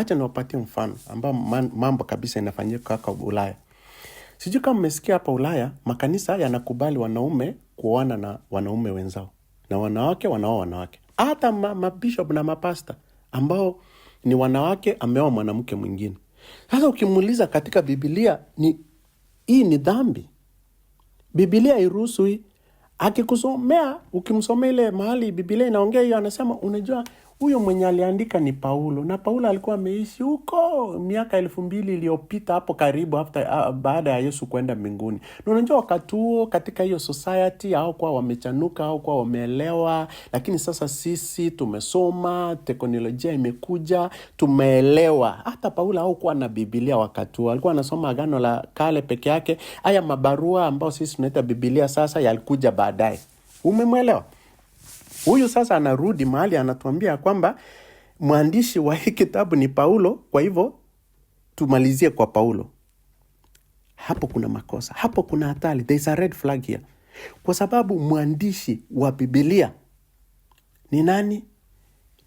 Acha niwapatie mfano ambao mambo kabisa inafanyika kaka Ulaya. Sijui kama mmesikia hapa Ulaya makanisa yanakubali wanaume kuoana na wanaume wenzao na wanawake wanaoa wanawake, hata mabishop ma na mapasta ambao ni wanawake ameoa mwanamke mwingine. Sasa ukimuuliza katika Bibilia ni hii ni dhambi? Bibilia iruhusu hii? Akikusomea, ukimsomea ile mahali Bibilia inaongea hiyo, anasema unajua huyo mwenye aliandika ni Paulo, na Paulo alikuwa ameishi huko miaka elfu mbili iliyopita hapo karibu after, uh, baada ya Yesu kwenda mbinguni. Na unajua wakati huo katika hiyo society kuwa wamechanuka, kuwa wameelewa, lakini sasa sisi tumesoma, teknolojia imekuja, tumeelewa. Hata Paulo kuwa na bibilia wakati huo, alikuwa anasoma Agano la Kale peke yake. Haya mabarua ambayo sisi tunaita bibilia sasa yalikuja baadaye. Umemwelewa? Huyu sasa anarudi mahali anatuambia kwamba mwandishi wa hii kitabu ni Paulo, kwa hivyo tumalizie kwa Paulo. Hapo kuna makosa, hapo kuna hatari, there is a red flag here, kwa sababu mwandishi wa Bibilia ni nani?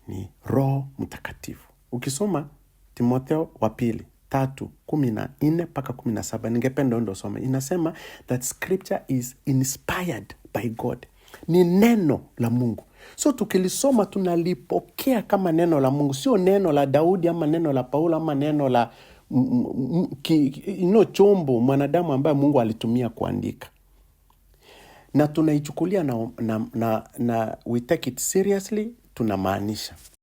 Ni Roho Mtakatifu. Ukisoma Timotheo wa pili tatu kumi na nne mpaka kumi na saba ningependa ndo inasema that scripture is inspired by God ni neno la Mungu. So tukilisoma tunalipokea kama neno la Mungu, sio neno la Daudi ama neno la Paulo ama neno la ino chombo mwanadamu ambaye Mungu alitumia kuandika, na tunaichukulia na, na, na, na we take it seriously, tunamaanisha